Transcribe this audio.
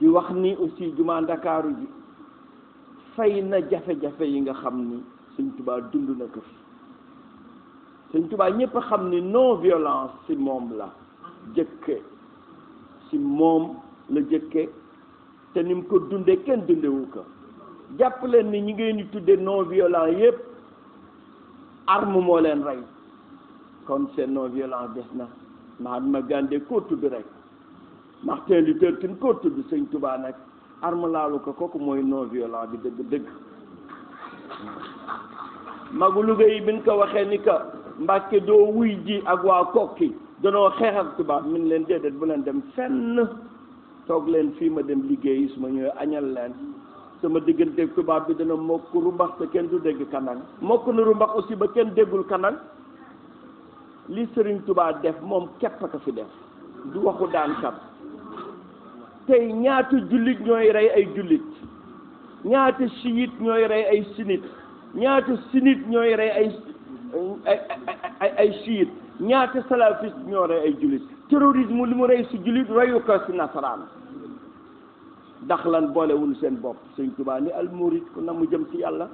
di wax ni aussi jumaa ndakaaru ji fay na jafe-jafe yi nga xam ni sëñ tubaa dund na ko fi sëñ tubaa ñépp xam ni non violence ci moom la jëkke ci moom la jëkke te ni ko dundee kenn dundewu ko jàpp leen ni ñi ngeen di tudde non violent yépp arme moo leen rey kon seen non violence des na Mahatma Gandhi koo tudd rek Martin Luther King ko tudd sëñ Touba nag arme laalu ko kooku mooy non violent bi dëgg dëgg magu Louga bi ñu ko waxee ni que Mbàkke doo wuy ji ak waa kokki danoo xeex ak tubaab min leen déedéet bu leen dem fenn toog leen fii ma dem liggéey su ma ñëwee añal leen sama digganteeg tubaab bi dana mokk rumbax te kenn du dégg kanang mokk na rumbax aussi ba kenn déggul kanang li Sëriñ Tuubaa def moom képp a fi def du waxu daan kat tey ñaata jullit ñooy rey ay jullit ñaata chiite ñooy rey ay sunnite ñaata sunnite ñooy rey ay ay ay chiite ñaata salafiste ñoo rey ay jullit terrorisme li mu rey si jullit reyu ko si nasaraan ndax lan boolewul seen bopp Sëñ Tuubaa ni almurid ku na mu jëm si yàlla